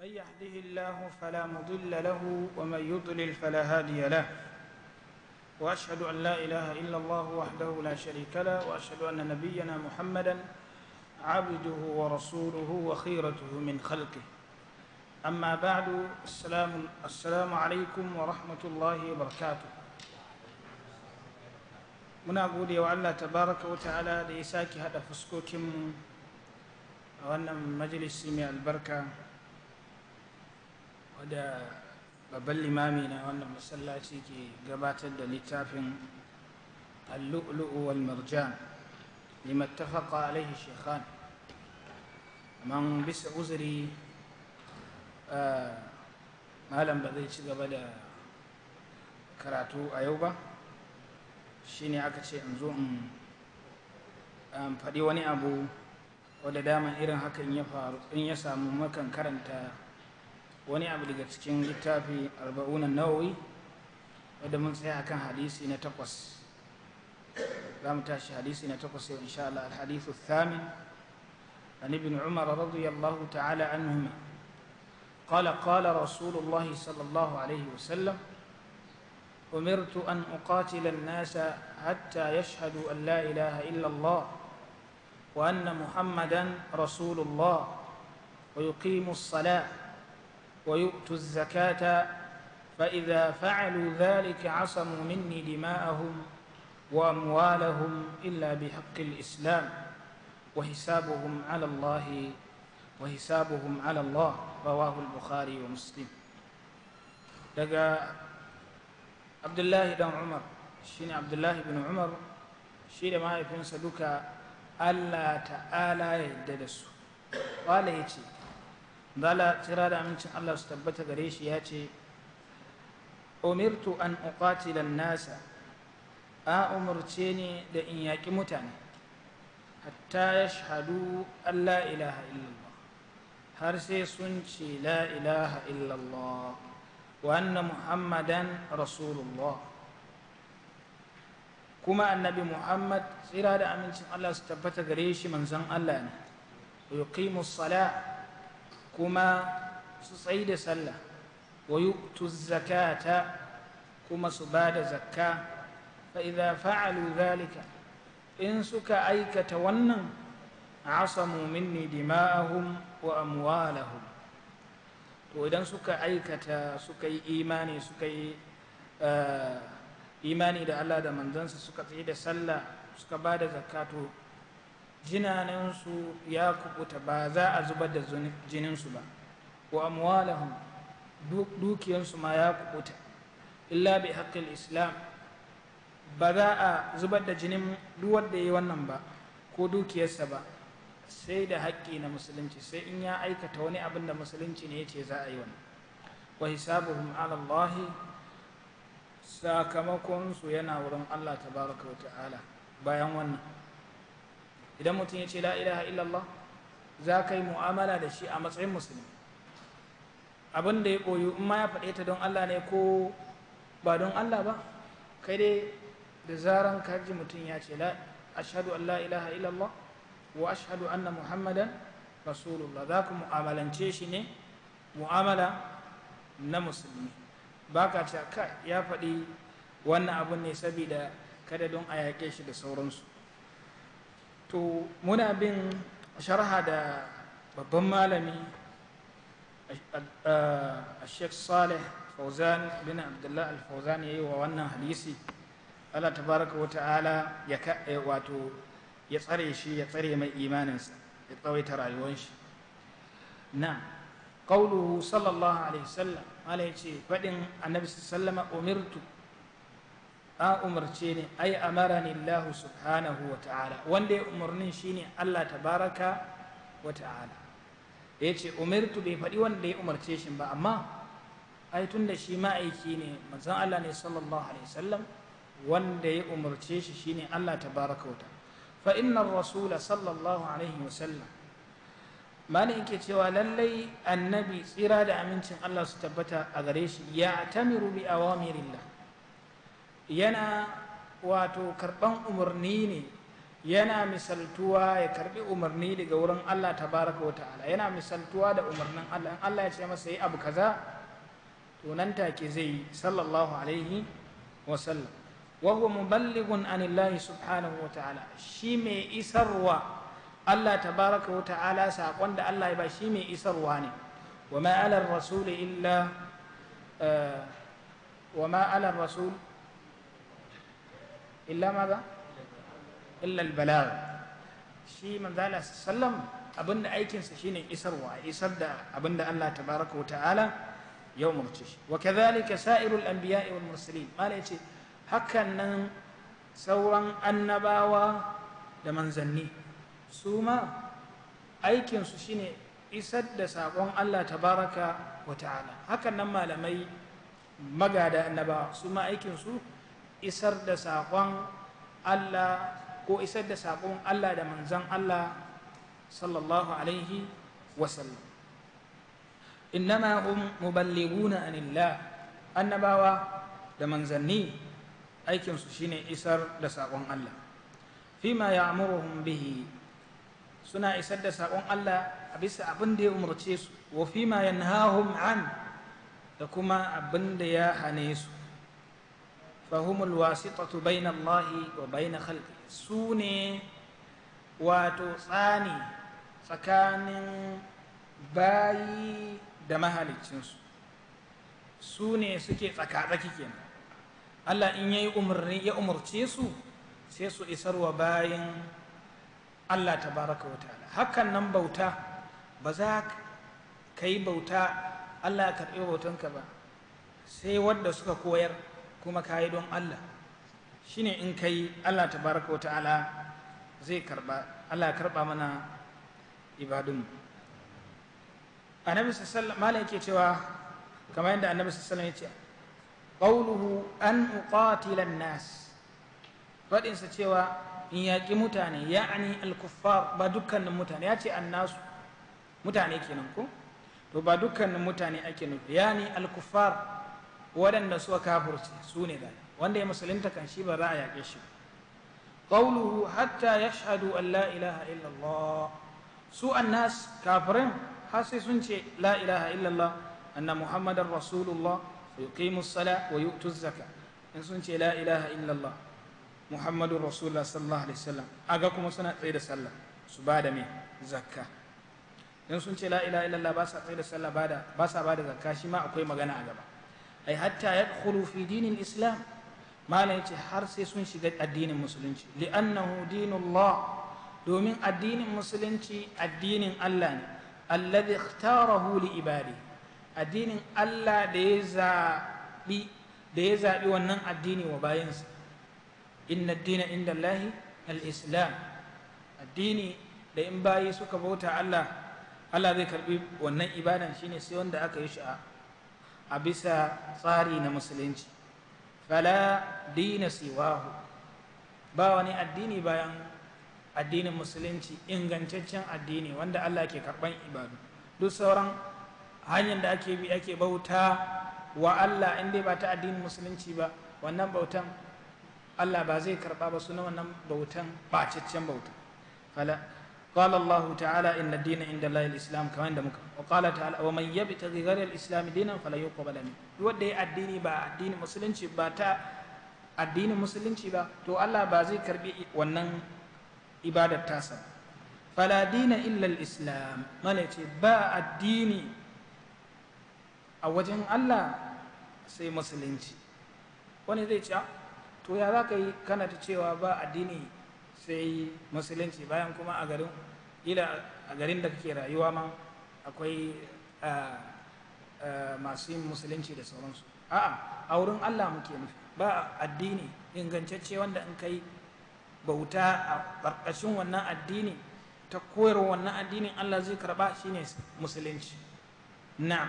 من يهده الله فلا مضل له ومن يضلل فلا هادي له واشهد ان لا اله الا الله وحده لا شريك له واشهد ان نبينا محمدا عبده ورسوله وخيرته من خلقه اما بعد السلام السلام عليكم ورحمه الله وبركاته muna gode wa الله tabaraka wa ta'ala da ya sake hada fuskokinmu a wadda babban limami na wannan masallaci ke gabatar da littafin اللؤلؤ والمرجان لما اتفق عليه الشيخان من bisa uzuri. Eh, malam ba zai ci gaba da karatu a yau ba shine aka ce in zo in faɗi wani abu wadda dama irin hakan ya faru in ya samu makan karanta wani abu daga cikin littafi arba'unan nawawi wadda mun tsaya akan hadisi na takwas حديثي mu إن شاء الله الحديث الثامن عن ابن عمر رضي الله تعالى عنهما قال قال رسول الله صلى الله عليه وسلم أمرت أن أقاتل الناس حتى يشهدوا أن لا إله إلا الله وأن محمدا رسول الله ويقيم الصلاة ويؤتوا الزكاة فإذا فعلوا ذلك عصموا مني دماءهم وأموالهم إلا بحق الإسلام وحسابهم على الله وحسابهم على الله رواه البخاري ومسلم لقى عبد الله بن عمر شين عبد الله بن عمر شين ما allah ta'ala ألا تعالى da قال wala zala tsira da amincin Allah su tabbata gare shi ya ce umirtu an uqatila nasa a umarce ni da in yaƙi mutane hatta yashhadu an la ilaha har sai sun ce la ilaha illallah wa muhammadan rasulullah kuma annabi muhammad tsira da amincin Allah su tabbata gare shi manzon Allah ne yuqimus salat kuma su tsayi da sallah wa yu'tu zakata kuma su ba da zakka fa fa'alu zalika in suka aikata wannan asamu minni dima'ahum wa amwalahum to idan suka aikata suka yi imani suka yi eh, imani da Allah da manzansa suka tsaye da sallah suka ba da zakka to jinanansu ya kubuta ba za a zubar da jininsu ba wa amwalahum dukiyansu ma ya kubuta illa bi haqqil islam ba za a zubar da jinin duk wanda yayi wannan ba ko dukiyarsa ba sai da haƙƙi na musulunci sai in ya aikata wani abin da musulunci ne yace za a yi wannan wa hisabuhum ala Allah yana wurin Allah tabaraka wa ta'ala bayan wannan idan mutum ya ce la ilaha illallah za ka yi mu'amala da shi a matsayin musulmi abin da ya ɓoyi in ma ya faɗe ta don Allah ne ko ba don Allah ba kai dai da zaran kaji mutum ya ce ashadu an la ilaha illallah wa ashadu anna muhammadan rasulullah za ku mu'amalance shi ne mu'amala na musulmi ba ka ce ya faɗi wannan abun ne saboda kada don a yaƙe shi da sauransu to muna bin sharha da babban malami a sheikh saleh fauzan bin abdullah al-fauzan ya yi wa wannan hadisi allah tabaraka wa ta'ala ya wato ya tsare shi ya tsare mai imaninsa ya tsawaita rayuwar shi na قوله صلى الله Sallam وسلم قال يجي فدين النبي صلى الله an umarce ni ai amarani lahu subhanahu wa ta'ala wanda ya umarnin shine Allah tabaraka wa ta'ala da ya ce umartu bai faɗi wanda ya umarce shi ba amma ai tun da shi ma'aiki ne manzon Allah ne sallallahu alaihi wasallam wanda ya umarce shi shine Allah tabaraka wa ta'ala fa innar rasula sallallahu alaihi wasallam mani yake cewa lallai annabi tsira da amincin Allah su tabbata a gare shi ya tamiru bi awamirillah yana wato karɓan umarni ne yana misaltuwa ya karɓi umarni daga wurin Allah ta baraka wa ta'ala yana misaltuwa da umarnin Allah in Allah ya ce masa yi abu kaza to nan take zai yi sallallahu alaihi wa sallam wa huwa muballighun anillahi subhanahu wa ta'ala shi mai isarwa Allah ta baraka wa ta'ala sakon da Allah ya ba shi mai isarwa ne wa ma ala rasul illa eh, wa ma ala rasul illa ma ba illa albalagh shi manzo Allah sallam abinda aikin sa shine isarwa isar da abinda Allah tabaraka wa ta'ala ya umarce shi wa kadhalika sa'irul anbiya'i wal mursalin mala yace hakan nan sauran annabawa da manzanni su ma aikin su shine isar da sakon Allah tabaraka wa ta'ala hakan nan malamai magada annabawa su ma aikin su isar da saƙon Allah ko isar da saƙon Allah da manzan Allah sallallahu alaihi wasallam innama hum na anillah annabawa da manzanni aikinsu shine isar da saƙon Allah fima ya'muruhum bihi suna isar da saƙon Allah a bisa abin da ya umarce su wa fima yanhahum an da kuma abin da ya hane su fahumul wasitatu bayna Allahi wa bayna su ne wato tsani tsakanin bayi da mahalicinsu sune suke tsakatsaki kenan Allah in yayi umarni ya umarce su sai su isarwa bayan Allah tabaraka wa ta'ala hakan nan bauta ba za ka yi bauta Allah ya karɓi bautanka ba sai wadda suka koyar kuma ka yi don Allah shi ne in ka yi Allah wata ala zai karba Allah ya karba mana ibadunmu annabi sallallahu alaihi yake cewa kamar yadda annabi sallallahu alaihi ya ce qawluhu an uqatila nas faɗinsa cewa in yaƙi mutane ya'ani al-kuffar ba dukkanin mutane ya ce an an-nas mutane kenan ko to ba dukkanin mutane ake nufi ya'ani al-kuffar waɗanda suka kafurce su ne zai wanda ya musulunta kan shi ba za a yaƙe shi qawluhu hatta yashhadu an la ilaha illallah su annas kafirin har sai sun ce la ilaha illallah anna muhammadar rasulullah wa yuqimu sala wa yu'tu zaka in sun ce la ilaha illallah muhammadun rasulullah sallallahu alaihi wasallam aga kuma suna tsaye da sallah su ba da me zakka in sun ce la ilaha illallah ba sa tsaye da sallah ba da ba sa ba da zakka shi ma akwai magana a gaba ai hatta yadkhulu fi dinin islam malam yace har sai sun shiga addinin musulunci li'annahu dinullah domin addinin musulunci addinin Allah ne alladhi ikhtarahu li ibadi addinin Allah da ya zaɓi da ya wannan addini wa bayansa inna ad-dina inda Allah al-islam addini da in bayi suka bauta Allah Allah zai karbi wannan ibadan shine sai wanda aka yi shi'a a bisa tsari na musulunci fala dina siwahu ba wani addini bayan addinin musulunci ingantaccen addini wanda Allah ke karban ibadu duk sauran hanyar da ake bi ake bauta wa Allah in dai ba ta addinin musulunci ba wannan bautan Allah ba zai karba ba suna wannan bautan bacaccen bauta fala قال الله تعالى إن الدين عند الله الإسلام كما عند مكة وقال تعالى ومن يبتغي غير الإسلام دينا فلا يقبل منه يودي الدين با الدين مسلم با تا الدين مسلم با تو الله بازي كربي ونن إبادة تاسا فلا دين إلا الإسلام ما با الدين أوجن الله سي مسلم شي وني ce to ya za ka yi kana ta cewa sai musulunci bayan kuma a garin ila a garin da kake rayuwa ma akwai masu yin musulunci da sauransu a'a a wurin Allah muke nufi ba addini ingantacce wanda in kai bauta a ƙarƙashin wannan addini ta koyarwa wannan addinin Allah zai karɓa shine musulunci na'am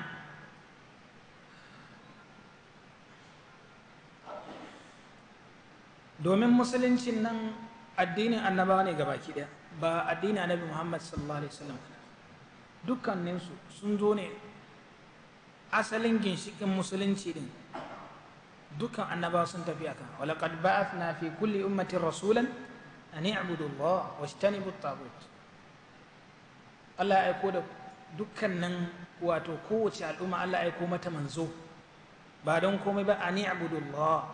domin musuluncin nan addinin annaba ne gabaki ɗaya ba addinin annabi muhammad sallallahu alaihi wasallam dukkaninsu sun zo ne asalin ginshikin musulunci din dukkan annaba sun tafi akan walaqad ba'athna fi kulli ummatin rasulan an i'budu Allah wajtanibu at-taghut Allah ya aiko da dukkanin wato kowace al'umma Allah ya aiko mata manzo ba don komai ba an i'budu Allah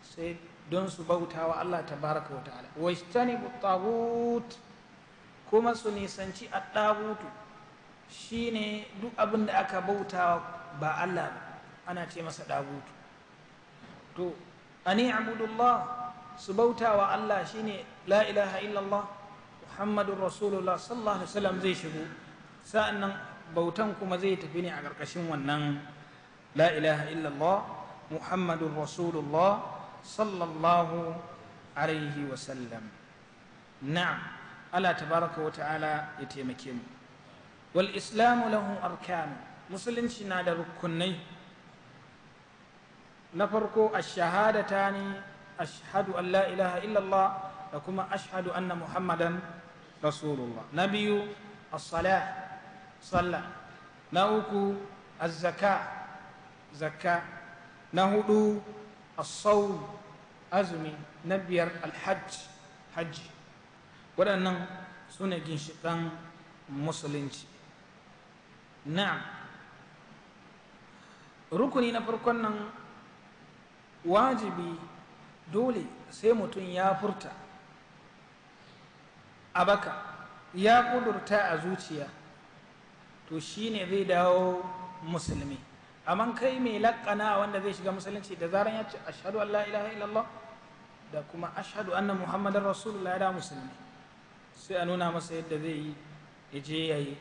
sai don su bauta wa Allah tabaraka wa ta'ala wajtanibu tagut kuma su nisanci at-tagutu shine duk abin da aka bauta ba Allah ba ana ce masa dagutu to ani abudullah su bauta wa Allah shine la ilaha illallah muhammadun rasulullah sallallahu alaihi wasallam zai shigo sa'annan bautan kuma zai tafi ne a ƙarƙashin wannan la ilaha illallah muhammadun rasulullah صلى الله عليه وسلم نعم ألا تبارك وتعالى يتيمكين والإسلام له أركان مسلم شنا لركني نفركو الشهادتان أشهد أن لا إله إلا الله لكم أشهد أن محمدا رسول الله نبي الصلاة صلى نوكو الزكاة زكاة نهدو as azumi na biyar alhajj hajji waɗannan su ne ginshiƙan musulunci na'am rukuni na farkon nan wajibi dole sai mutum ya furta a baka ya kudurta a zuciya to shine zai dawo musulmi amma kai mai laƙana wanda zai shiga musulunci da zaran ya ce ashadu allah la ilaha illallah da kuma ashadu anna muhammadar rasulullah da musulmi sai a nuna masa yadda zai yi ya je ya yi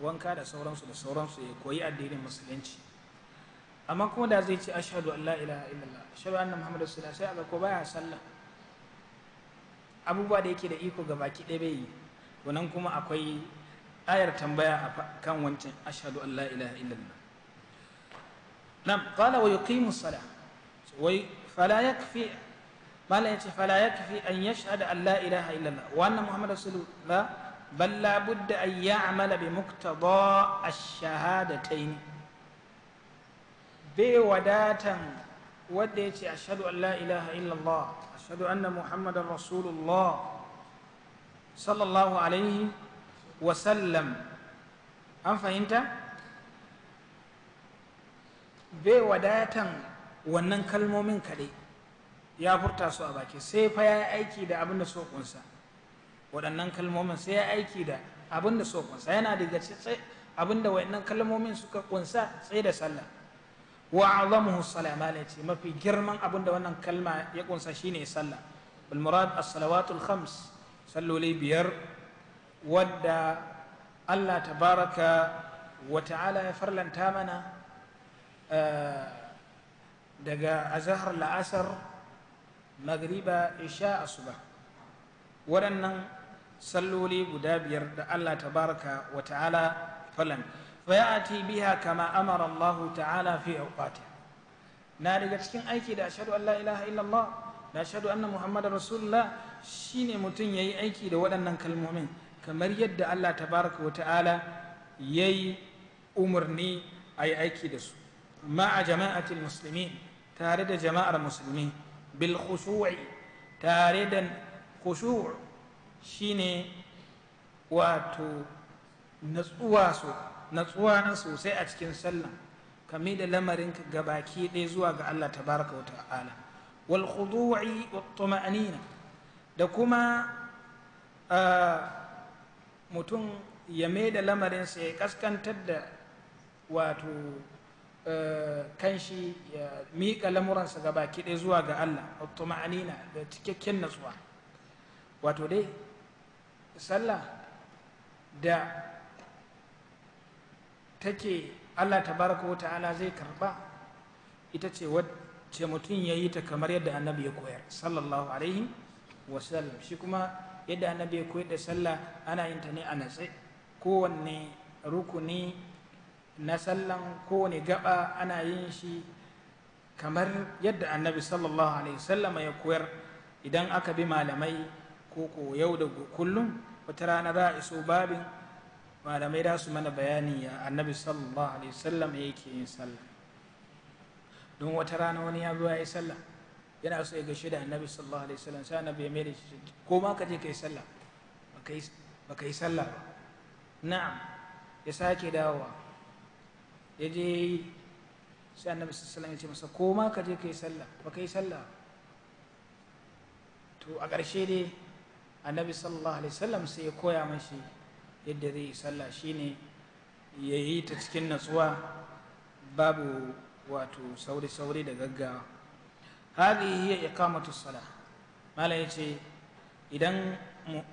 wanka da sauransu da sauransu ya koyi addinin musulunci amma kuma da zai ce ashadu Allah la ilaha illallah ashadu anna muhammadar rasulullah sai ga ko baya sallah abubuwa da yake da iko ga baki ɗaya bai yi wannan kuma akwai ayar tambaya a kan wancan ashadu allah la ilaha illallah نعم قال ويقيم الصلاة فلا يكفي ما لا فلا يكفي أن يشهد أن لا إله إلا الله وأن محمد رسول الله بل لا بد أن يعمل بمقتضى الشهادتين بوداتا وديت أشهد أن لا إله إلا الله أشهد أن محمد رسول الله صلى الله عليه وسلم أم فهمت؟ bai wadatan wannan kalmomin kaɗai ya furta su a baki sai fa ya aiki da abin da so kunsa waɗannan kalmomin sai ya aiki da abin da so kunsa yana daga abin da waɗannan kalmomin suka kunsa sai da sallah wa azamuhu salama ne mafi girman abin da wannan kalma ya kunsa shine sallah bil murad as-salawatul khams salloli biyar wadda Allah tabaraka wa ta'ala ya farlanta mana daga azahar la'asar magriba isha asuba waɗannan salloli guda biyar da allah baraka wa ta'ala falan fayati biha kama amara allah ta'ala fi awqati na daga cikin aiki da ashhadu an la ilaha illallah da ashhadu anna muhammadar rasulullah shine mutum yayi aiki da waɗannan kalmomin kamar yadda allah tabaraka wa ta'ala yayi umarni a yi aiki da su مع جماعة المسلمين تارد جماعة المسلمين بالخشوع تاردا خشوع شيني واتو نتسوا سو نتسوا نسو سي أتكين سلم كميد لمرنك قباكي ليزوا الله تبارك وتعالى والخضوع والطمأنينة دكما آه متون يميد لمرنسي كسكن تد واتو Eh, kanshi ya miƙa lamuransa ga baki ɗaya zuwa ga Allah ma'anina da cikakken natsuwa wato dai sallah da take Allah tabaraka wa ta'ala zai karba ita ce wacce mutum ya yi ta kamar yadda annabi ya koyar sallallahu alaihi wa sallam shi kuma yadda annabi ya koyar da sallah ana yin ta ne a natsai kowanne rukuni na sallan kowane gaba ana yin shi kamar yadda annabi sallallahu alaihi wasallam ya koyar idan aka bi malamai ko ko yau da kullum wata rana za a iso babin malamai da su mana bayani ya annabi sallallahu alaihi wasallam yake yin sallah don wata rana wani ya zo ya yi sallah yana so ya gashi da annabi sallallahu alaihi wasallam sai annabi ya mai shi ko ma ka je kai sallah baka yi sallah ba na'am ya sake dawowa ya je ya yi sai annabi sallallahu ya ce masa ko ma ka je ka yi sallah ba ka sallah to a ƙarshe dai annabi sallallahu alaihi wasallam sai ya koya mashi yadda zai yi sallah shine ya yi ta cikin natsuwa babu wato sauri-sauri da gaggawa hadi hiya iqamatu salah mala ce idan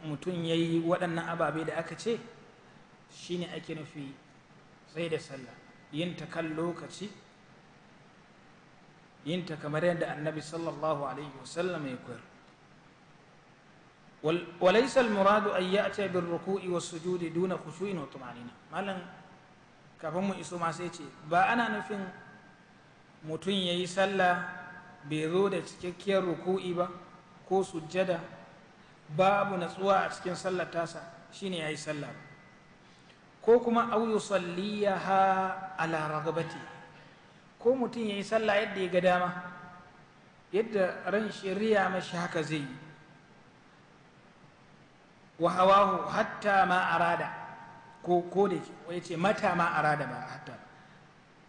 mutum ya yi waɗannan ababe da aka ce shine ake nufi sai da sallah yin ta kan lokaci yin ta kamar yadda annabi sallallahu alaihi wasallam ya koyar ya'ti bil ruku'i was sujudi duna khushu'in wa tumanina malan kafin mu iso ma sai ce ba ana nufin mutum yayi yi sallah bai zo da cikakkiyar ruku'i ba ko sujjada babu natsuwa a cikin sallar tasa shine yayi sallah ko kuma ha yusalliyaha ala ragabati ko mutum ya yi sallah yadda ya ga dama yadda ran shari'a mashi haka zai yi wa hawahu hatta ma arada ko ko da ce mata ma arada ba hatta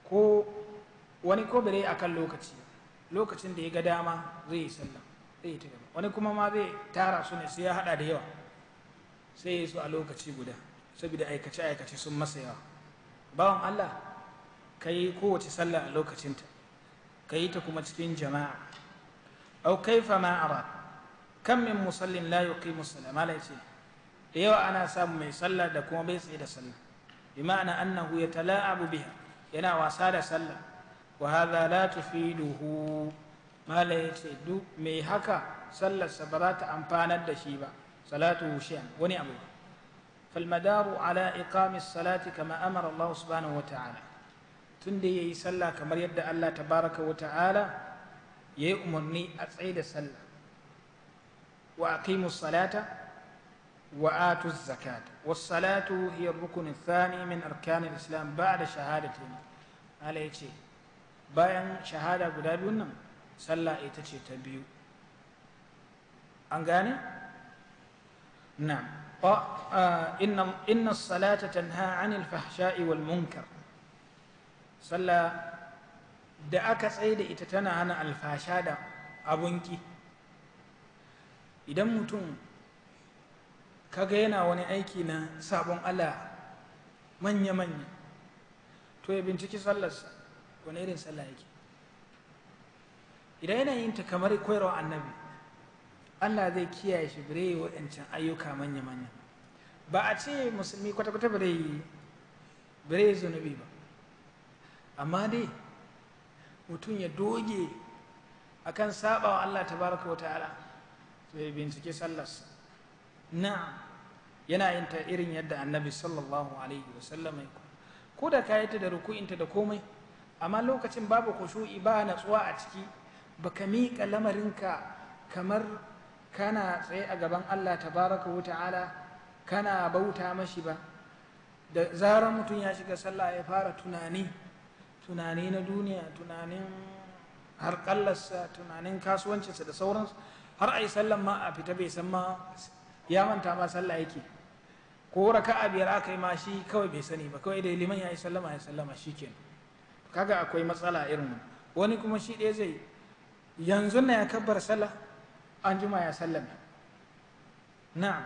ko wani ko a kan lokaci lokacin da ya ga dama zai yi sallah zai yi ta wani kuma ma zai tara su ne sai ya hada da yawa sai ya yi su a lokaci guda saboda aikace aikace sun masa yawa bawan Allah ka yi kowace sallah a lokacinta ka yi ta kuma cikin jama'a au kaifa ma arad kan min musallin la yuqimu salama la yace da yawa ana samu mai sallah da kuma bai tsaye da sallah bi ma'ana annahu yatala'abu biha yana wasa da sallah wa hadha la tufiduhu mala yace duk mai haka sallarsa ba za ta amfanar da shi ba salatu shi'an wani abu فالمدار على إقام الصلاة كما أمر الله سبحانه وتعالى تندي يسلى كما يبدأ الله تبارك وتعالى يأمرني أسعيد السلة وأقيموا الصلاة وآتوا الزكاة والصلاة هي الركن الثاني من أركان الإسلام بعد شهادتين على يتشي bayan shahada guda biyun nan sallah ita ce ta biyu an gane na'am inna salata tanha anil fahsha'i wal munkar sallah da aka tsaye da ita tana hana alfasha da abunki idan mutum kaga yana wani aiki na sabon Allah manya-manya to ya binciki sallarsa wani irin sallah yake idan yana yin ta kamar koyarwa annabi Allah zai kiyaye shi bare waɗancan ayyuka manya-manya ba a ce musulmi kwata-kwata bare yi bare zunubi ba amma dai mutum ya doge akan saba wa Allah tabaraka wa ta'ala to ya bincike sallarsa na yana yin ta irin yadda annabi sallallahu alaihi wa sallama ya ko da ka yi ta da ruku'inta da komai amma lokacin babu kushu'i ba natsuwa a ciki ba ka miƙa lamarinka kamar kana tsaye a gaban Allah tabaraka wa ala, kana bauta mashi ba da zarar mutum ya shiga sallah ya fara tunani tunani na duniya tunanin har kallarsa tunanin kasuwancinsa da sauransu har a yi sallan ma a fita bai san ma ya manta ma sallah yake ko raka a biyar aka yi ma shi kawai bai sani ba kawai da liman ya yi sallama ya sallama shi kenan kaga akwai matsala irin wani kuma shi ɗaya zai yanzu na ya kabbar sallah an jima ya sallame na'am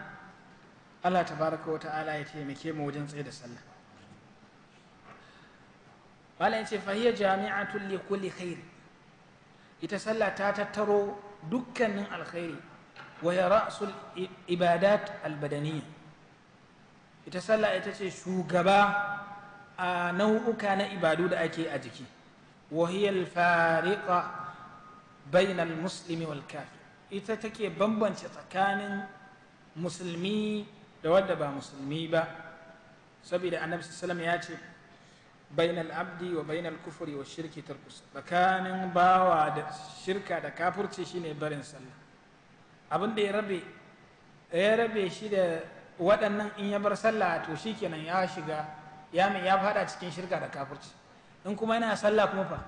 Allah tabaraka wa ta'ala ya taimake mu wajen tsaye da sallah malam ce fahiya jami'atul li kulli khairi ita sallah ta tattaro dukkanin alkhairi wa ya ra'sul ibadat albadaniyya ita sallah ita ce shugaba a nau'uka na ibadu da ake a jiki wa hiya alfariqa bainal muslimi wal kafir ita take bambance tsakanin musulmi da wadda ba musulmi ba saboda annabi sallam ya ce bainal abdi wa bainal kufuri wa shirki tarkus tsakanin bawa da shirka da kafurci shine barin sallah abin da ya rabe ya rabe shi da waɗannan in ya bar sallah to shikenan ya shiga ya mai ya fada cikin shirka da kafurci in kuma yana sallah kuma fa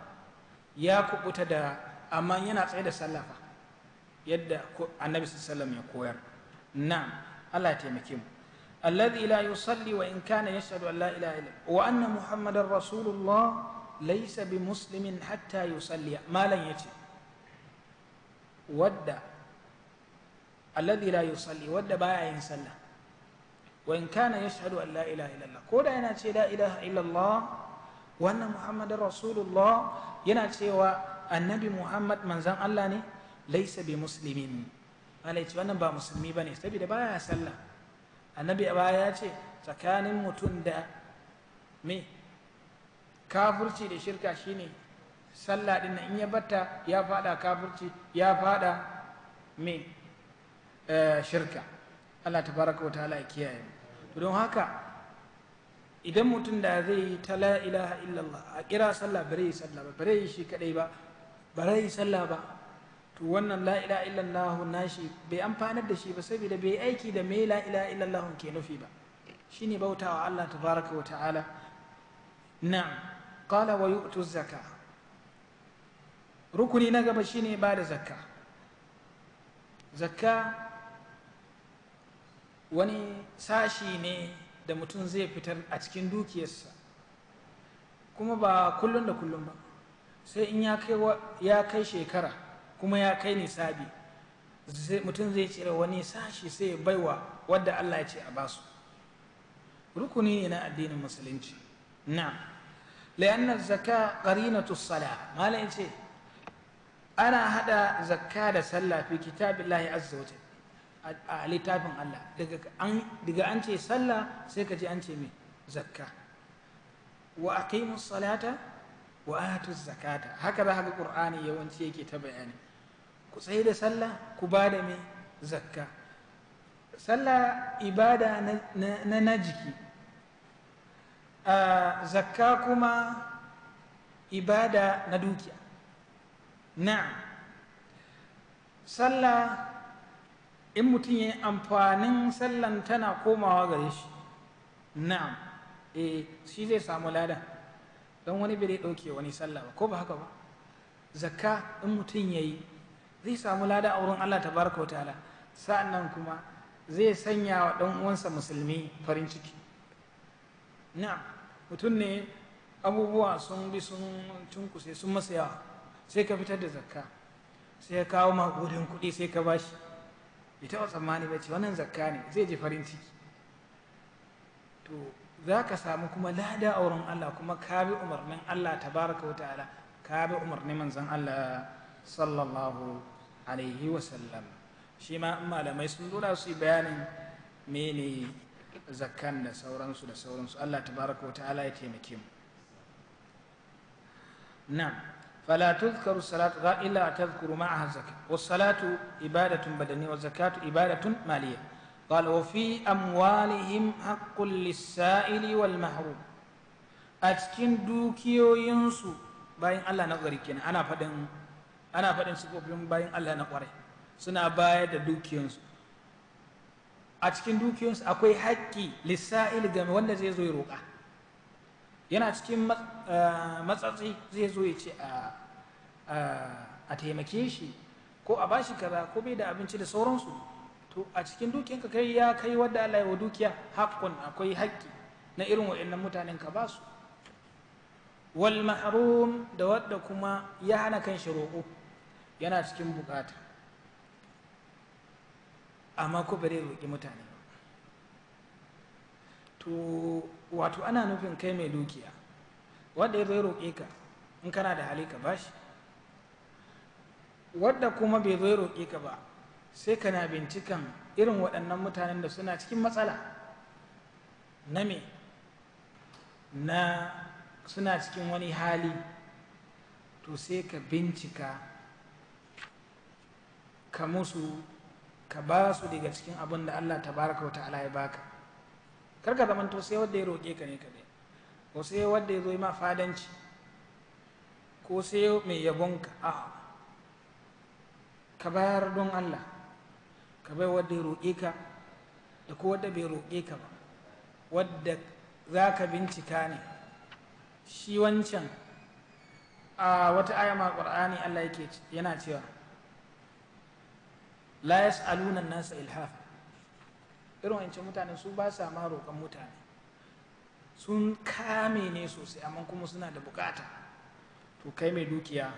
ya kubuta da amma yana tsaye da sallah fa yadda annabi sallallahu ya koyar na'am Allah ya taimake mu alladhi la yusalli wa in kana yashhadu an la ilaha illa wa anna muhammadar rasulullah laysa bi muslimin hatta yusalli malan yace wadda alladhi la yusalli wadda baya yin sallah wa in kana yashhadu an la ilaha illa ko da yana ce la ilaha illa Allah wa anna muhammadar rasulullah yana cewa annabi muhammad manzon Allah ne laisa bi muslimin malai ce wannan ba musulmi ba ne saboda baya salla. annabi baya ya ce tsakanin mutum da me kafurci da shirka shine sallah na in ya batta ya fada kafurci ya fada me eh, shirka Allah tabaraka wa ta'ala ya kiyaye don haka idan mutum da zai yi ta la ilaha illallah a kira sallah bare yi salla ba bare yi shi kadai ba bare yi sallah ba to wannan la ilaha illallah nashi bai amfanar da shi ba saboda bai aiki da me la ilaha ke nufi ba shine bautawa Allah tabaraka wa ta'ala na'am qala wa yu'tu zakka rukuni na gaba shine ba da zakka zakka wani sashi ne da mutum zai fitar a cikin dukiyarsa kuma ba kullum da kullum ba sai in ya kai shekara kuma ya kai nisabi mutum zai cire wani sashi sai ya baiwa wadda Allah ya ce a basu rukuni ne na addinin musulunci Na la'annar zakka qarinatu sala malam yace ana hada zaka da sallah fi kitabillahi azza wa a littafin Allah daga an ce sallah sai ka ji an ce me zakka wa aqimus salata wa atuz zakata haka da haka ga qur'ani yawanci yake ta bayani ku tsaye da sallah ku ba da mai zakka sallah ibada na na jiki zakka kuma ibada na dukiya na sallah in mutum ya yi amfanin sallan tana komawa gare shi na'am e shi zai samu lada don wani bai dauke wani sallah ba ko ba haka ba zakka in mutum ya yi zai samu lada a wurin Allah tabaraka wa ta'ala sa'annan kuma zai sanya wa dan uwansa musulmi farin ciki na'am mutum ne abubuwa sun bi sun cunkuse sun masa yawa sai ka fitar da zakka sai ya kawo maƙudin kuɗi sai ka bashi bai taɓa tsammani ba ce wannan zakka ne zai ji farin ciki to za ka samu kuma lada a wurin Allah kuma ka bi umarnin Allah tabaraka wa ta'ala ka bi umarnin manzon Allah sallallahu عليه وسلم شما أما لما يسمى الله سيبان ميني زكان سوران سودا سوران سو الله تبارك وتعالى يتيمكيم نعم فلا تذكر الصلاة إلا تذكر معها الزكاة والصلاة إبادة بدنية والزكاة إبادة مالية قال وفي أموالهم حق للسائل والمحروم أتكن دوكيو ينسو باين الله نغري كنا أنا فدن ana faɗin sufofin bayan Allah na ƙwarai suna bayar da dukiyansu a cikin dukiyansu akwai haƙƙi lissa'il game wanda zai zo ya roƙa yana cikin eh, matsatsi zai zo ya ce a taimake shi ko a ba bashi kaza ko bai da abinci da sauransu to a cikin dukiyanka kai ya kai wadda Allah ya wa dukiya haƙƙun akwai haƙƙi na irin waɗannan mutanen ka ba su wal mahrum da wadda kuma ya hana kan shi roƙo yana cikin bukata amma ko bare roƙi mutane to wato ana nufin kai mai dukiya wanda ya zai roƙe ka in kana da hali ka bashi wadda kuma bai zai roƙe ka ba sai kana bincikan irin waɗannan mutanen da suna cikin matsala na me na suna cikin wani hali to sai ka bincika ka musu ka ba su daga cikin abin da Allah wata ala ya baka kar ka zamanto sai wadda ya roƙe ka ne kaɗai ko sai wadda ya zo yi ma fadanci ko sai mai yabonka a ka bayar don Allah ka bai wadda ya roƙe ka da ko wadda bai roƙe ka ba wadda za ka bincika ne shi wancan a wata ayama ƙwar'ani Allah yake yana cewa la alunan nasa ilhafa irin wancan mutane su ba sa ma roƙon mutane sun kame ne sosai amma kuma suna da bukata to kai mai dukiya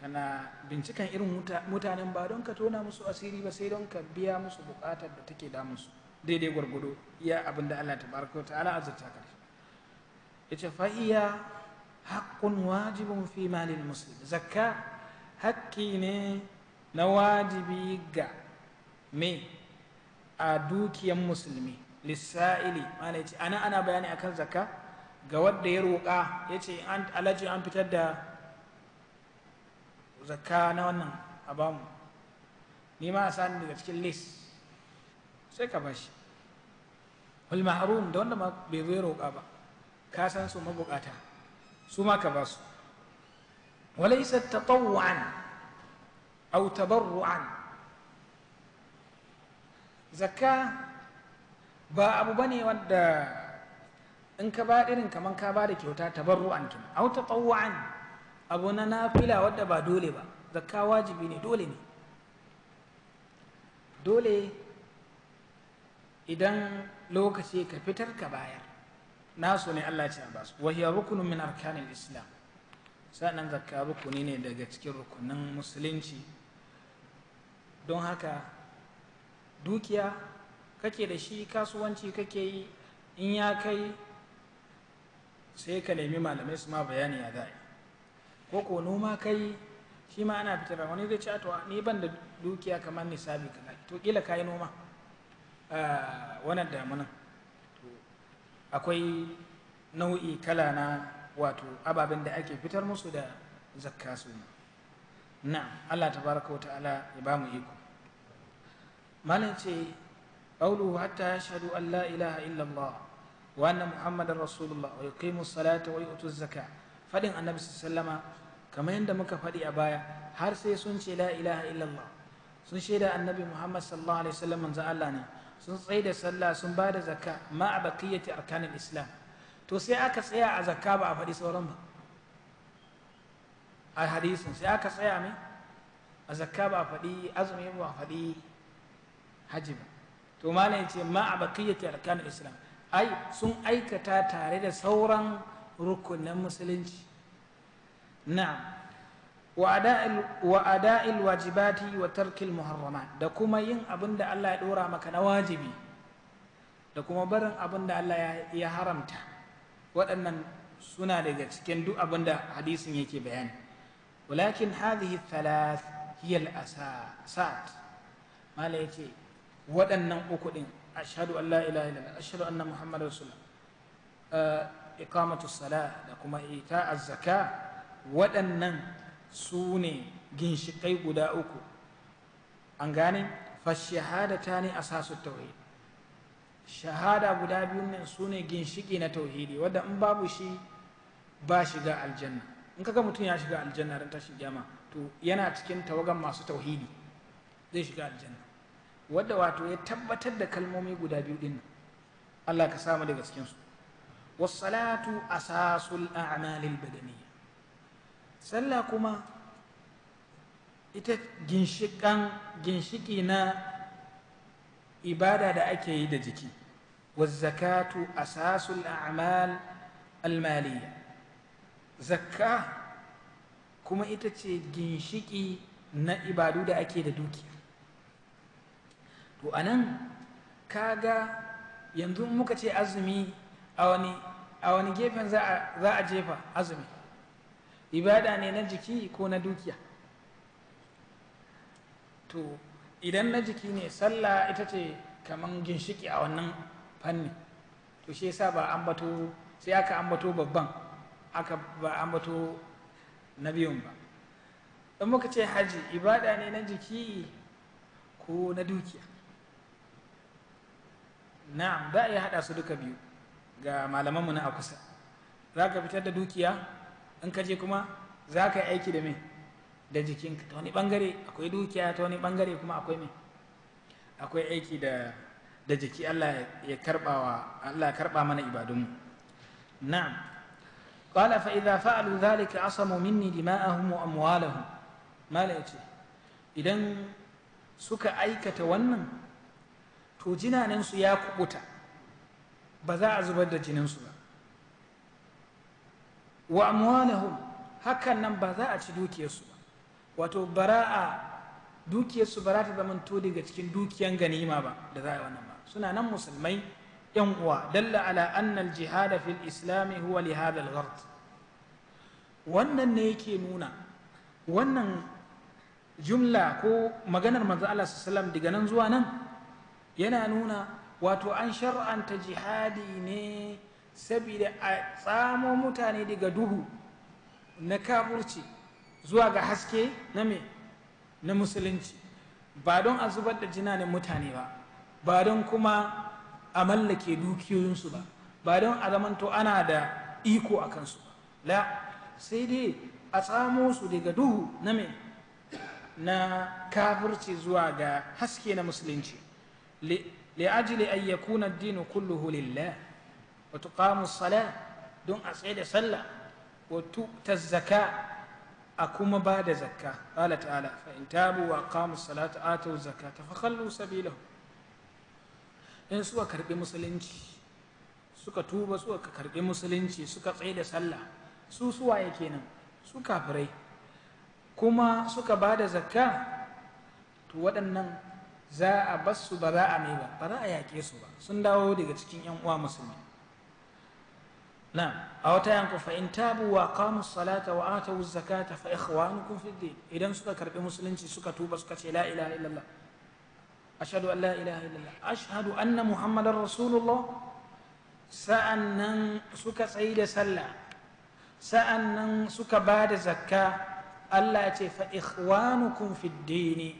kana binciken irin mutanen ba don ka tona musu asiri ba sai don ka biya musu bukatar da take damusu daidai gwargwado iya abin da Allah tabaraka ta ala azarta ka ya fa iya haƙƙun wajibin fi malin musulun zakka haƙƙi ne na wajibi ga me a dukiyan musulmi lissa'ili mana ce ana ana bayani akan zakka ga wadda ya roƙa ya ce alhaji an fitar da zakka na wannan abamu ni ma a sani daga cikin lis sai ka bashi wal mahrum da wanda bai zo roƙa ba ka san su mabukata su ma ka ba su walaisa tatawwan أو تبرعا زكاة ba abu bane wanda in ka ba irin kamar ka ba da kyauta tabarru'an kina aw tatawwu'an abu na nafila wadda ba dole ba zakka wajibi ne dole ne dole idan lokaci ka fitar ka baya nasu ne Allah ce ba su wahiya rukunin min arkanin islam sannan zakka rukuni ne daga cikin rukunin musulunci don haka dukiya kake da shi kasuwanci kake yi in ya kai sai ka nemi malamai su ma bayani ya zai ko ko noma kai shi ma ana fitar wani zai ci atuwa ni ban da dukiya kamar nisabi kaza to kila kai noma ah, wannan damunan to akwai nau'i kala na wato ababen da ake fitar musu da zakka su ne na Allah ta wa ta'ala ya ba mu iko malam ce qawluhu hatta yashhadu an la ilaha illallah wa anna muhammadar rasulullah wa yuqimu salata wa yu'tu zaka faɗin annabi sallama kamar yadda muka faɗi a baya har sai sun ce la ilaha illallah sun shaida annabi muhammad sallallahu alaihi wasallam manzo Allah ne sun tsaye da sallah sun ba da zakka ma a bakiyyati arkanin islam to sai aka tsaya a zakka ba a faɗi sauran ba a hadisin sai aka tsaya mai a zakka ba a faɗi azumi ba faɗi hajji ba to ma ya ce ma a bakiyyati islam ai sun aikata tare da sauran rukunan musulunci na'am wa ada'il wajibati wa tarkil muharrama da kuma yin abin da Allah ya dora maka na wajibi da kuma barin abin da Allah ya haramta waɗannan suna daga cikin duk abin da hadisin yake bayani ولكن هذه الثلاث هي الأساسات ما ليتي ودن أكدين أشهد أن لا إله إلا الله أشهد أن محمد رسول الله إقامة الصلاة لكم إيتاء الزكاة ودن سوني ginshi guda uku an gane fashahada ta ne asasu tauhid shahada guda biyun nan su ne ginshiki na tauhidi wadda in babu shi ba shiga aljanna in kaga mutum ya shiga aljanna ran tashin kiyama to yana cikin tawagan masu tauhidi zai shiga aljanna wadda wato ya tabbatar da kalmomi guda biyu din Allah ka samu daga cikin su wassalatu asasul a'malil badaniyya sallah kuma ita ginshikan ginshiki na ibada da ake yi da jiki asasul a'mal al-maliyya zakka kuma ita ce ginshiki na ibadu da ake da dukiya to anan kaga yanzu muka ce azumi a wani gefen za a jefa azumi ibada ne na jiki ko na dukiya to idan na jiki ne sallah ita ce kaman ginshiki a wannan fanni to shi yasa ba ambato sai aka ambato babban aka ba ambato na biyun ba in muka ce haji ibada ne na jiki ko na dukiya na'am Ba a yi haɗa su duka biyu ga malamanmu na akusa za ka fitar da dukiya in ka je kuma za ka yi aiki da mai da jikinka ta wani ɓangare akwai dukiya ta wani ɓangare kuma akwai mai akwai aiki da da jiki Allah ya karba Allah ya karɓa mana ibadunmu na'am قال فإذا فعلوا ذلك عصموا مني دماءهم وأموالهم ما لا يتي إذن سكا أيكة ونن to jinanensu ya kuɓuta. ba za a zubar da jininsu ba wa amwalahum hakan nan ba za a ci dukiyarsu ba wato bara'a dukiyarsu ba za ta zama daga cikin dukiyan ganima ba da za a yi wannan ba suna nan musulmai yan uwa dalla ala annal fil islam huwa li hada al-ghard wannan ne yake nuna wannan jumla ko maganar manzo Allah sallallahu alaihi daga nan zuwa nan yana nuna wato an shar'anta jihadi ne saboda a tsamo mutane daga duhu na kaburci zuwa ga haske na me na musulunci ba don a zubar da jina ne mutane ba ba don kuma a mallake dukiyoyinsu ba ba don a zamanto ana da iko a kansu la sai dai a tsamo su daga duhu na mai na kafirci zuwa ga haske na musulunci li'ajili an yakuna kullu din kulluhu wa tuqamu don a tsaye da sallah wa tu'ta zaka a kuma ba da zakka qala ta'ala fa in tabu wa aqamu salata atu zakata fa khallu sabilahum in suka karɓi musulunci suka tuba suka karɓi musulunci suka tsaye da sallah su yake kenan su kafirai kuma suka ba da zakka to waɗannan za a basu ba za a mai ba ba za a yaƙe su ba sun dawo daga cikin 'yan uwa musulmi na a wata yanku fa'in tabu wa qamu salata wa atu zakata fa ikhwanukum fi din idan suka karbi musulunci suka tuba suka ce la ilaha Ashadu an la ilaha illallah ashhadu anna muhammadar rasulullah sa'annan suka tsayi da sallah sa'annan suka ba da zakka Allah ya ce fa ikhwanukum fi dini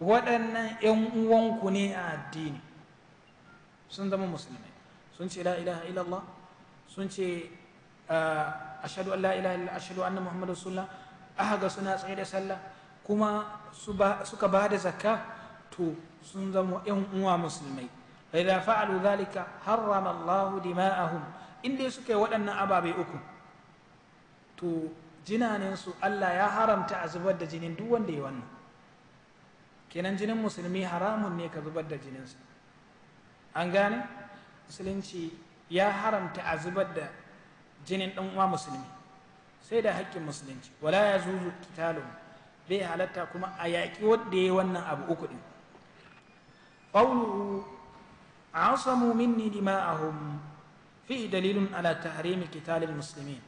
waɗannan ƴan uwanku ne a addini sun zama musulmai sun ce la ilaha illallah sun ce Ashadu an la ilaha illallah ashhadu anna muhammadar rasulullah aka ga suna tsaye da sallah kuma suka ba da zakka to sun zama yan uwa musulmai fa idza fa'alu dhalika harrama Allahu dima'ahum in dai suka yi waɗannan ababe uku to jinanin su Allah ya haramta a zubar da jinin duk wanda ya wannan kenan jinin musulmi haramun ne ka zubar da jininsa an gane musulunci ya haramta a zubar da jinin ɗan uwa musulmi sai da haƙƙin musulunci wala ya zuzu kitalun bai halatta kuma a yaƙi wanda ya yi wannan abu uku ɗin qawluhu عصموا minni dima'ahum fi dalilun ala tahrimi قتال المسلمين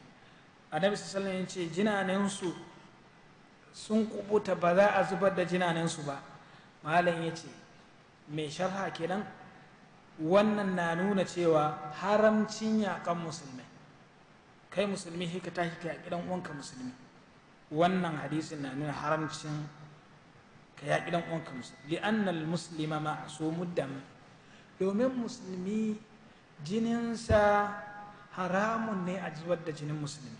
النبي صلى الله sallan وسلم يقول جنانينسو sun kubuta ba za a zubar da jinaninsu ba malam ya ce mai sharha kenan wannan na nuna cewa haramcin yakan musulmai kai musulmi hika ta hika a gidan uwanka musulmi wannan hadisin na nuna haramcin ka yaƙi dan uwanka musulmi li'anna al-muslima so dam domin musulmi jininsa haramun ne a zubar da jinin musulmi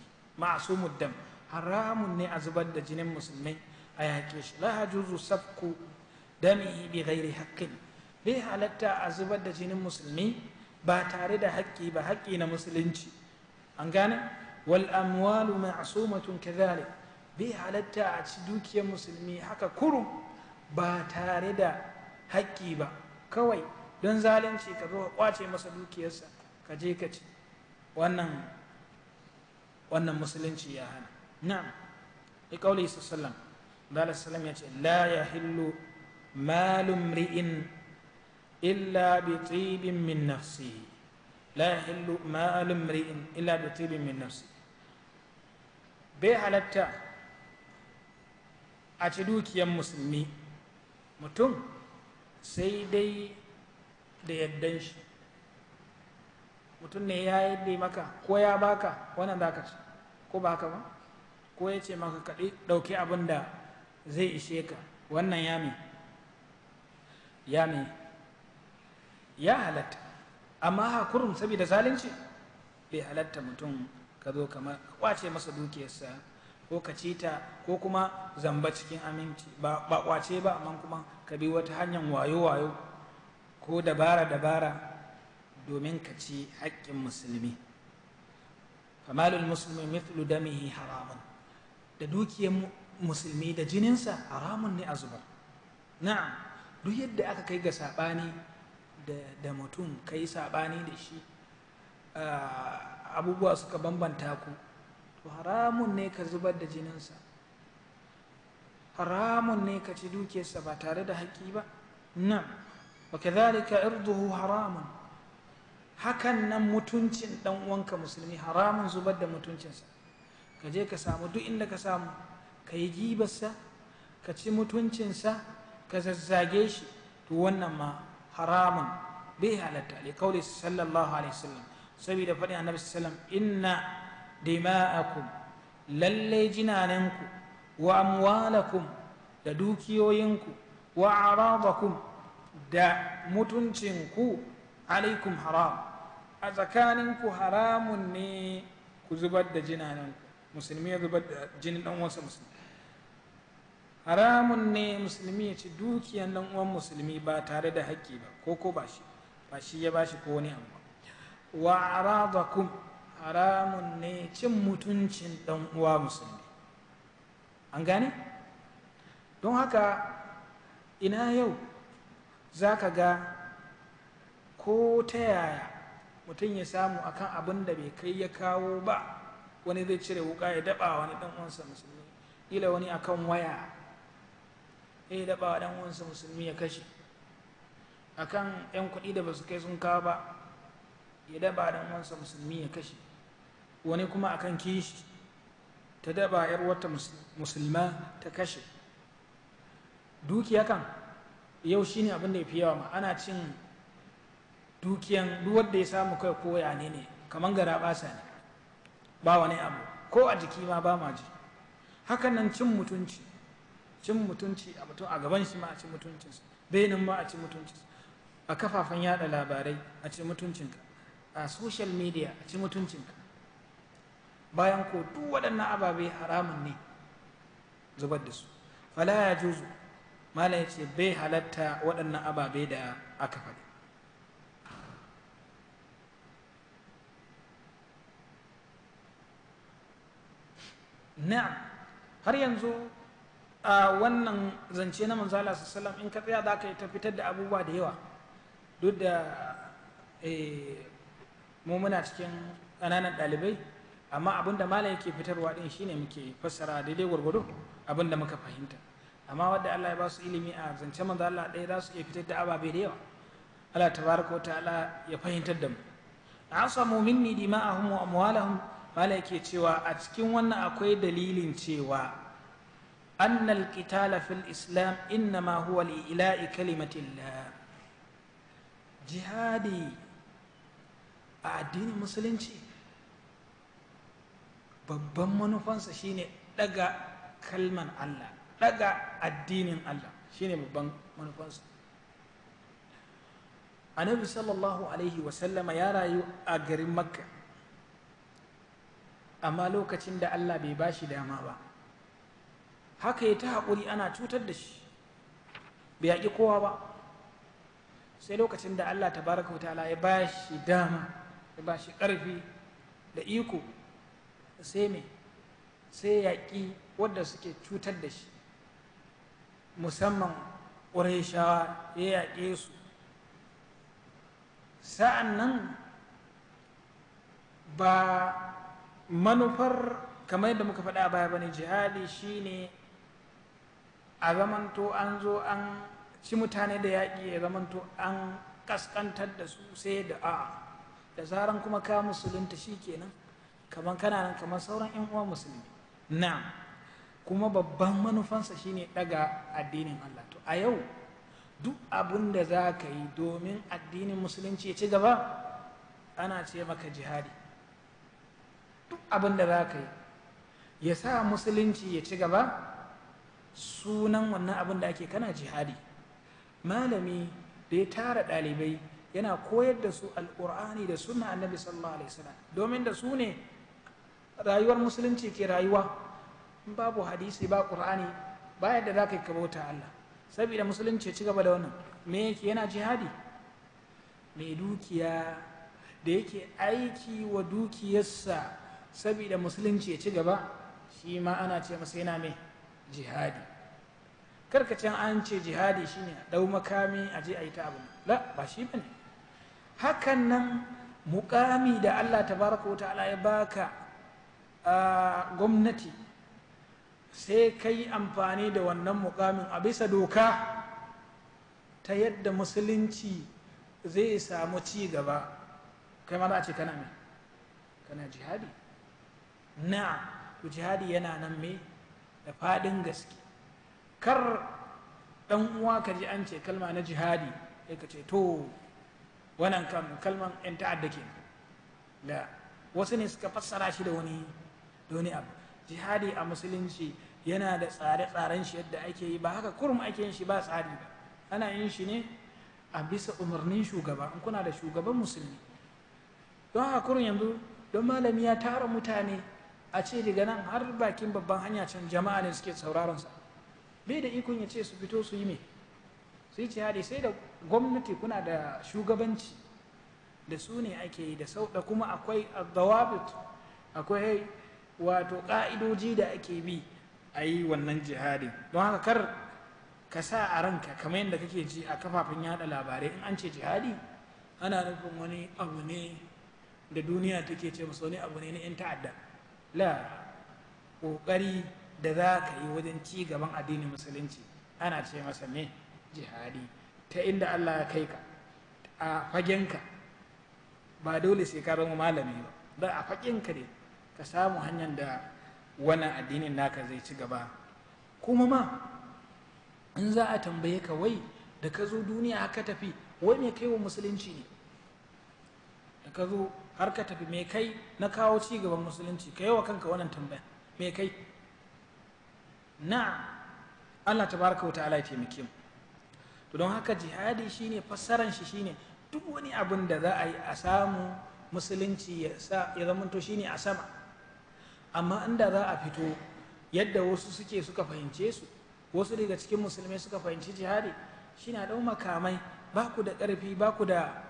so dam haramun ne a zubar da jinin musulmi a yaƙe shi la yajuzu safku dami bi ghairi haqqin bai halatta a zubar da jinin musulmi ba tare da haƙƙi ba haƙƙi na musulunci an gane wal amwalu ma'sumatun kadhalik bai halatta a ci dukiyar musulmi haka kurum ba tare da haƙƙi ba kawai don zalunci ka zo kwace masa dukiyarsa ka je ka ci wannan wannan musulunci ya hana na'am ya Isa Salam, da salam ya ce la ya hillo malum ri'in illa bi tsibin min nafsi la ya hillo malum ri'in illa bi tsibin min nafsi bai halatta a ci dukiyar musulmi mutum sai dai da yaddan shi mutum ne ya yi maka ko ya baka wannan da ka ci ko ba haka ba ko ya ce maka kaɗi ɗauki abin da zai ishe ka wannan ya me ya me ya halatta amma hakurum saboda zalunci bai halatta mutum ka zo kamar kwace masa dukiyarsa ko ka ci ta ko kuma zamba cikin aminci ba kwace ba amma kuma ka bi wata hanyar wayo-wayo ko dabara-dabara domin ka ci haƙƙin musulmi famalin musulmi mithlu damihi haramun da dukiyar musulmi da jininsa haramun ne a zubar na'am duk yadda aka kai ga saɓani da mutum kai yi saɓani da shi ah, abubuwa suka bambanta ku to haramun ne ka zubar da jininsa haramun ne ka ci dukiyarsa ba tare da hakki ba na wa kadhalika irduhu haramun hakan nan mutuncin dan uwanka musulmi haramun zubar da mutuncinsa ka je ka samu duk inda ka samu ka yi gibarsa ka ci mutuncinsa ka zazzage shi to wannan ma haramun bai halatta li kauli sallallahu alaihi wasallam sabida faɗin annabi sallallahu alaihi wasallam inna dima'akum lalle jinanenku wa amwalakum da dukiyoyinku wa aradakum da mutuncinku alaikum haram a tsakaninku haramun ne ku zubar da jinanenku musulmi ya zubar da jinin dan wasu musulmi haramun ne musulmi ya ci dukiyan dan uwan musulmi ba tare da haƙƙi ba ko ko ba shi ba shi ya bashi ko wani amma wa aradakum haramun ne cin mutuncin ɗan uwa musulmi an gane don haka ina yau za ka ga ko ta yaya mutum ya samu akan abin da bai kai ya kawo ba wani zai cire wuka ya daba wani dan uwansa musulmi ila wani akan waya ya daba wa dan uwansa musulmi ya kashe akan yan kuɗi da ba su kai sun kawo ba ya daba dan uwansa musulmi ya kashe wani kuma akan kishi ta daba yar wata musulma ta kashe dukiya kan yau shine abin da yafi yawa ma ana cin dukiyan duk wanda ya samu kai ko ne ne kamar gara basa ne ba wani abu ko a jiki ma ba ma ji hakan nan cin mutunci cin mutunci a mutum a gaban shi ma a cin mutuncin su benin ma a cin mutuncin su. a kafafen yada labarai a mutuncin mutuncinka a social media a mutuncin mutuncinka bayan ko duk waɗannan ababe haramun ne zubar da su fala ya juzu malam ya ce bai halatta waɗannan ababe da aka faɗi na'am har yanzu a wannan zance na manzala sallam in ka tsaya za kai ta fitar da abubuwa da yawa duk da eh, mu muna cikin ƙananan ɗalibai amma abin da malam yake fitarwa din shine muke fassara daidai gwargwado abin da muka fahimta amma wanda Allah ya ba su ilimi a zance manzo Allah dai za su iya fitar da ababe da yawa Allah tabaraka wa ta'ala ya fahimtar da mu asamu minni dima'ahum wa amwalahum malam yake cewa a cikin wannan akwai dalilin cewa annal qitala fil islam innama huwa li ila'i kalimatillah jihadi a addinin musulunci babban manufansa shine daga kalman Allah daga addinin Allah shine babban manufansa annabi sallallahu alaihi wasallama ya rayu a garin makka amma lokacin da Allah bai bashi dama ba haka ya ta haƙuri ana cutar da shi bai yaƙi kowa ba sai lokacin da Allah baraka wa ta'ala ya bashi dama ya bashi ƙarfi da iko sai me sai yaƙi wadda suke cutar da shi musamman ƙureshawa ya yaƙe su sa'an nan ba manufar kamar yadda muka faɗa baya Bani jihadi ne a zamanto an zo an ci mutane da yaƙi ya zamanto an ƙasƙantar da su sai da a, da zaran kuma ka musulunta shi kenan kaman kana nan kamar sauran yan uwa musulmi Na. kuma babban manufansa shine daga addinin Allah to a yau duk abin da za ka yi domin addinin musulunci ya ci gaba ana ce maka jihadi duk abin da za ka yi ya sa musulunci ya ci gaba sunan wannan abin da ake kana jihadi malami da ya tara ɗalibai yana koyar da su alƙur'ani da suna annabi sallallahu alaihi wasallam domin da su ne rayuwar musulunci ke rayuwa babu hadisi ba ƙur'ani. ba yadda za ka yi kabauta Allah saboda musulunci ci gaba da wannan me yake yana jihadi mai dukiya da yake aiki wa dukiyarsa saboda musulunci ya ci gaba shi ma ana ce masa yana mai jihadi karkacin an ce jihadi shine a dau makami a je a yi ta abu la ba shi ba ne. hakan nan mukami da Allah tabaraka wata ala ya baka a gwamnati sai ka yi amfani da wannan mukamin a bisa doka ta yadda musulunci zai samu ci gaba kai ma za a ce kana mai kana jihadi na Ku jihadi yana nan mai da faɗin gaske kar ɗan uwa ka ji an ce kalma na jihadi sai ka ce to wannan kan kalman 'yan ta'adda ke wasu ne suka fassara shi da wani Doni abu jihadi a musulunci yana da tsare-tsaren shi yadda ake yi ba haka kurum ake yin shi ba tsari ba ana yin shi ne a bisa umarnin shugaba in kuna da shugaban musulmi don haka kurum yanzu don malami ya tara mutane a ce daga nan har bakin babban hanya can jama'a ne suke sauraron sa bai da ikon ya ce su fito su yi me su yi jihadi sai da gwamnati kuna da shugabanci da su ne ake yi da sau da kuma akwai dawabit akwai wato ƙa'idoji da ake bi a yi wannan jihadin don haka kar ka sa a ranka kamar yadda kake ji a kafafen yada labarai in an ce jihadi ana nufin wani abu ne da duniya take ce masa wani abu ne na 'yan ta'adda la ƙoƙari da za ka yi wajen ci gaban addinin musulunci ana ce masa ne jihadi ta inda allah ya kai ka a fagenka ba dole sai ka zama malami ba a fagenka ne ka samu hanyar da wannan addinin naka zai ci gaba kuma ma in za a tambaye ka wai da ka zo duniya haka tafi wai mai kai wa musulunci ne da ka zo har ka tafi mai kai na kawo ci gaban musulunci ka yi wa kanka wannan tambaya me kai na Allah baraka wa ala ya taimake mu to don haka jihadi shine fassaran shi shine duk wani abin da za a yi a samu musulunci ya sa ya shine a sama amma inda za a fito yadda wasu suke suka fahimce su wasu daga cikin musulmai suka fahimci jihadi shi na makamai ba ku da ƙarfi ba ku da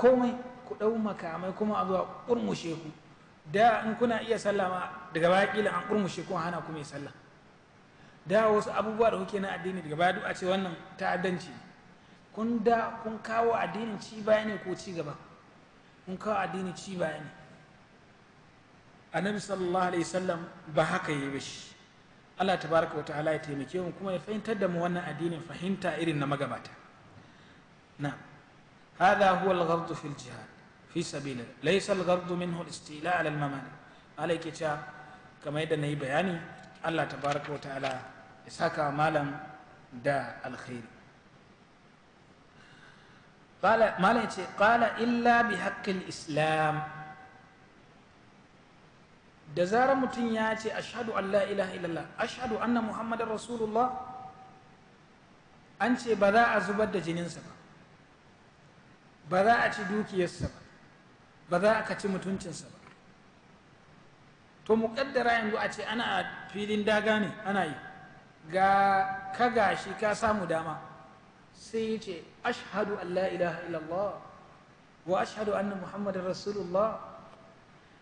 komai ku dau makamai kuma a zuwa ƙurmushe ku da in kuna iya sallama daga baya ƙila an ƙurmushe ku hana ku mai sallah da wasu abubuwa da kuke na addini daga baya duk a ce wannan ta'addanci kun da kun kawo addinin ci baya ne ko ci gaba kun kawo addini ci baya ne annabi sallallahu alaihi wasallam ba haka yi ba shi Allah tabaraka wa ta'ala ya taimake mu kuma ya fahimtar da mu wannan addinin fahimta irin na magabata na hada huwa al-ghardu fil jihad fi sabila laysa al-ghardu minhu al-istila ala al-mamali alayka cha kamar yadda nayi bayani Allah tabaraka wa ta'ala ya saka malam da alkhairi قال ما لا قال إلا بحق الإسلام da zarar mutum ya ce ashadu Allah ilaha illallah ashadu anna muhammadar rasulullah an ce ba za a zubar da jininsa ba ba za a ci dukiyarsa ba ba za a kaci mutuncinsa ba to mu kaddara yanzu a ce ana a filin daga ne ana yi ga ka gashi ka samu dama sai ya ce ashadu Allah ilaha illallah wa ashadu anna muhammadar rasulullah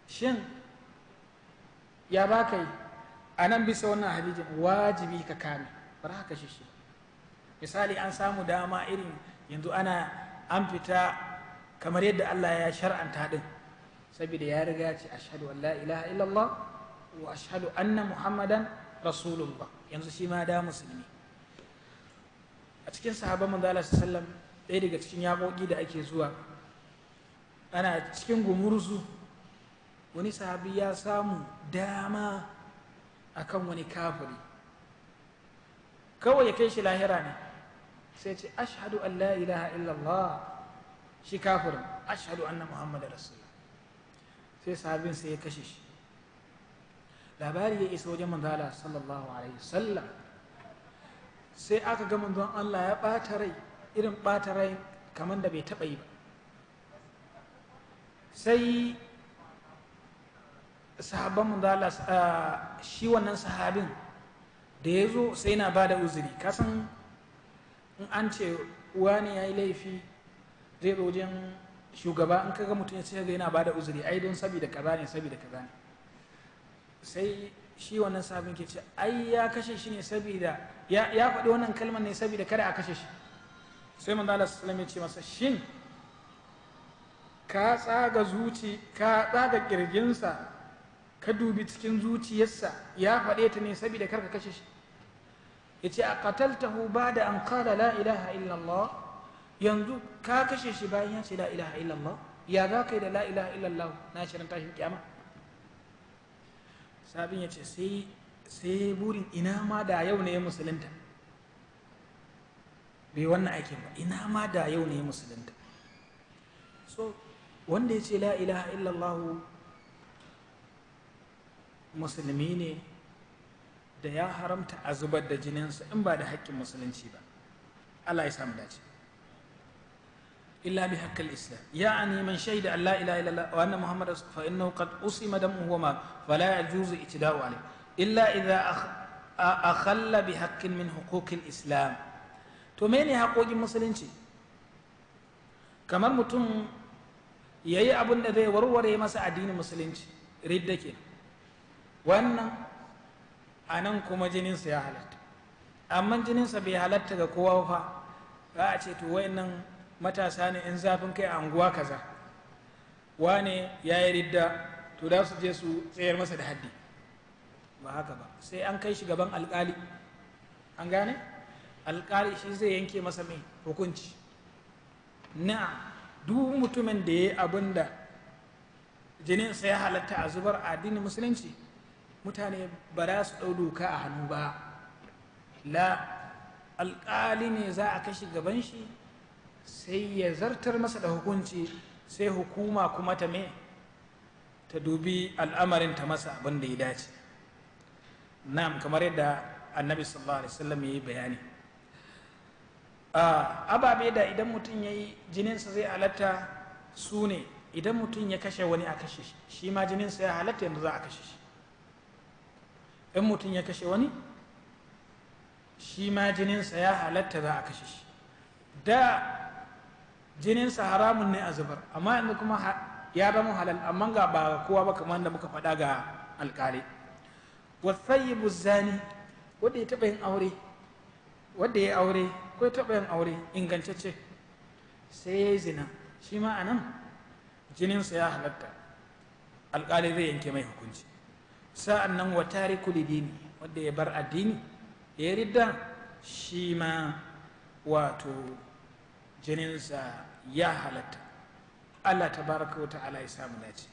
shin ya ba ka yi a nan bisa wannan hadijin wajibi ka kame ba haka shi shi misali an samu dama irin yanzu ana an fita kamar yadda Allah ya shar'anta din saboda ya riga ce ashhadu an la ilaha illallah wa ashhadu anna muhammadan rasulullah yanzu shi ma da musulmi a cikin sahabban manzo Allah sallallahu ɗaya daga cikin yaƙoƙi da ake zuwa ana cikin gumurzu wani sahabi ya samu dama akan wani kafiri kawai ya kai shi lahira ne sai ce ashadu an la illallah shi kafirin an na muhammad rasulullah sai sahabin sai ya kashe shi labari ya isa wajen manzala sallallahu alaihi sallam, sai aka ga manzon Allah ya ɓata rai irin ɓata rai kamar da bai taɓa yi ba sai sahabban Allah ah, shi wannan sahabin da ya zo sai na ba da uzuri kasan in an ce uwa ne ya yi laifi zai zo wajen shugaba in kaga mutum ya ce yana ba da uzuri ai don saboda kaza ne saboda kaza ne sai shi wannan sahabin ke ce ai ya kashe shi ne saboda ya faɗi wannan kalmar ne saboda kada a kashe shi sai Allah sallallahu ya ce masa shin ka tsaga zuci ka tsaga kirjinsa ka dubi cikin zuciyarsa ya faɗe ta ne saboda karka kashe shi ya ce a qataltahu ba da an qala la ilaha illallah yanzu ka kashe shi bayan ya ce la ilaha illallah ya za ka yi da la ilaha illallah na shirin tashin kyama sabin ya ce sai burin ina ma da yau ne ya musulunta bai wannan aikin ba ina ma da yau ne ya musulunta so wanda ya ce la ilaha illallah musulmi ne da ya haramta a zubar da jininsa in ba da haƙƙin musulunci ba Allah ya samu dace illa bi haqqil islam ya ani man shaida an la ilaha illallah wa anna muhammadar fa innahu qad usima damuhu wa ma wa la yajuzu itla'u alayh illa idha akhalla bi haqqin min huquqil islam to mene haƙoƙin musulunci kamar mutum yayi abin da zai warware masa addinin musulunci ridda kenan wannan a nan kuma jininsa ya halatta amma jininsa bai halatta ga kowa fa za a ce to nan matasa ne in zafin kai a anguwa kaza wane ya yi ridda to da su je su tsayar masa da haddi ba haka ba sai an kai shi gaban alkali an gane alkali shi zai yanke masa mai hukunci na duk mutumin da ya yi abin da jininsa ya halatta a zubar addinin musulunci mutane ba za su ɗau doka a hannu ba la alƙali ne za a kashe gaban shi sai ya zartar masa da hukunci sai hukuma kuma ta me ta dubi al'amarin ta masa abin da ya dace na'am kamar yadda annabi sallallahu alaihi wasallam ya yi bayani ababe da idan mutum ya yi jininsa zai halatta su ne idan mutum ya kashe wani a kashe shi ma jininsa ya halatta yanzu za a kashe shi in mutum ya kashe wani shi ma jininsa ya halatta za a kashe shi da jininsa haramun ne a zubar amma yanzu kuma ya zama halal amma ga ba kowa ba kamar da muka faɗa ga alƙali wasayyibu zani wadda ya taɓa yin aure wadda ya aure ko ya taɓa yin aure ingantacce sai ya yi zina shi ma a nan jininsa ya halatta alƙali zai yanke mai hukunci sa'an nan wa tariku lidini wanda ya bar addini ya ridda shi ma wato jininsa ya halatta allah tabaraka wa ala ya samu dace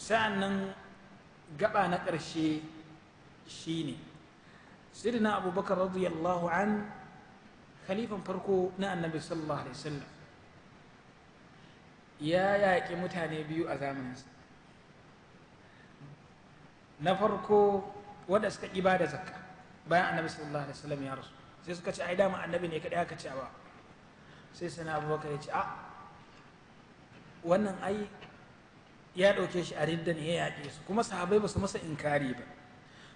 sa'an nan gaba na ƙarshe shine sirina abubakar radiyallahu an khalifan farko na annabi sallallahu alaihi wasallam ya yaƙi mutane biyu a zamaninsa na farko wadda suka ƙi da zakka bayan annabi sallallahu alaihi wasallam ya rasu sai suka ce ai dama annabi ne kadai aka ce ba sai sana abubakar ya ce a ah, wannan ai ya ɗauke shi a ridda ne ya yaƙe su kuma sahabai ba su masa inkari ba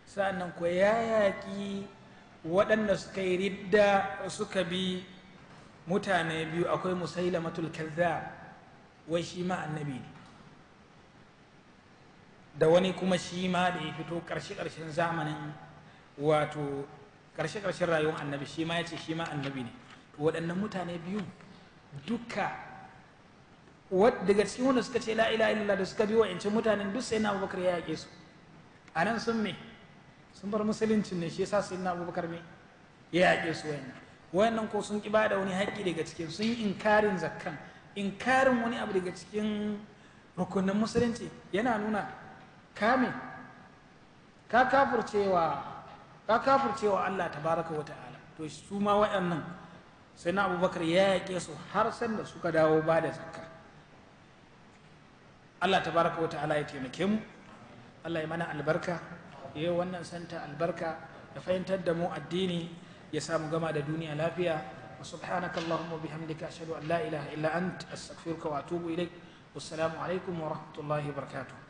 sa'annan ko ya yaƙi waɗanda suka yi ridda suka bi mutane biyu akwai musailamatul kaza wai shi ma annabi ne da wani kuma shi ma da ya fito ƙarshe-ƙarshen zamanin wato ƙarshe-ƙarshen rayuwar annabi shi ma ya ce shi ma annabi ne to waɗannan mutane biyu duka daga cikin wanda suka ce la'ila illallah da suka biyo wa'ancin mutanen duk sai na abubakar ya yaƙe su a nan sun me sun bar musuluncin ne shi yasa sai na abubakar me ya yaƙe su wayannan Wannan ko sun ƙi bada wani haƙƙi daga cikin sun yi inkarin zakkan inkarin wani abu daga cikin rukunin musulunci yana nuna kame ka kafircewa ka kafircewa Allah tabaraka wa ta'ala to su ma waɗannan sai na abubakar ya yaƙe su har sanda suka dawo ba da zakka Allah tabaraka wa ta'ala ya taimake mu Allah ya mana albarka ya yi wannan santa albarka ya fahimtar da mu addini ya samu gama da duniya lafiya وسبحانك اللهم وبحمدك أشهد أن لا إله إلا أنت أستغفرك وأتوب إليك alaikum wa rahmatullahi wa وبركاته